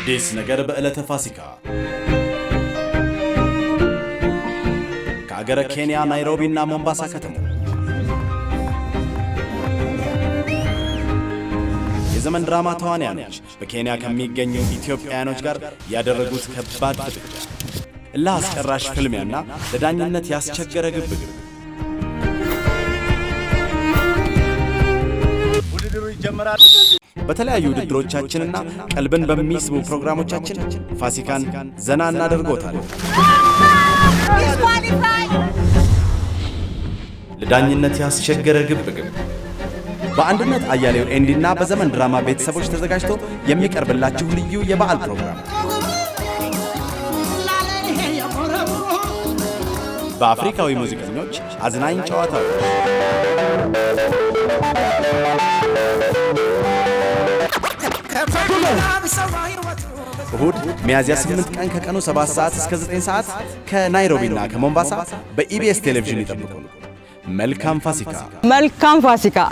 አዲስ ነገር በዕለተ ፋሲካ ከአገረ ኬንያ ናይሮቢ እና ሞምባሳ ከተማ የዘመን ድራማ ተዋንያኖች በኬንያ ከሚገኙ ኢትዮጵያውያኖች ጋር ያደረጉት ከባድ ጥብቅ፣ እልህ አስጨራሽ ፍልሚያና ለዳኝነት ያስቸገረ ግብግብ ውድድሩ ይጀምራል። በተለያዩ ውድድሮቻችንና ቀልብን በሚስቡ ፕሮግራሞቻችን ፋሲካን ዘና እናደርጎታል። ለዳኝነት ያስቸገረ ግብ በአንድነት አያሌው ኤንዲና በዘመን ድራማ ቤተሰቦች ተዘጋጅቶ የሚቀርብላችሁ ልዩ የበዓል ፕሮግራም በአፍሪካዊ ሙዚቀኞች አዝናኝ ጨዋታዎች እሁድ ሚያዝያ 8 ቀን ከቀኑ 7 ሰዓት እስከ 9 ሰዓት ከናይሮቢና ከሞምባሳ በኢቢኤስ ቴሌቪዥን ይጠብቁ። መልካም ፋሲካ! መልካም ፋሲካ!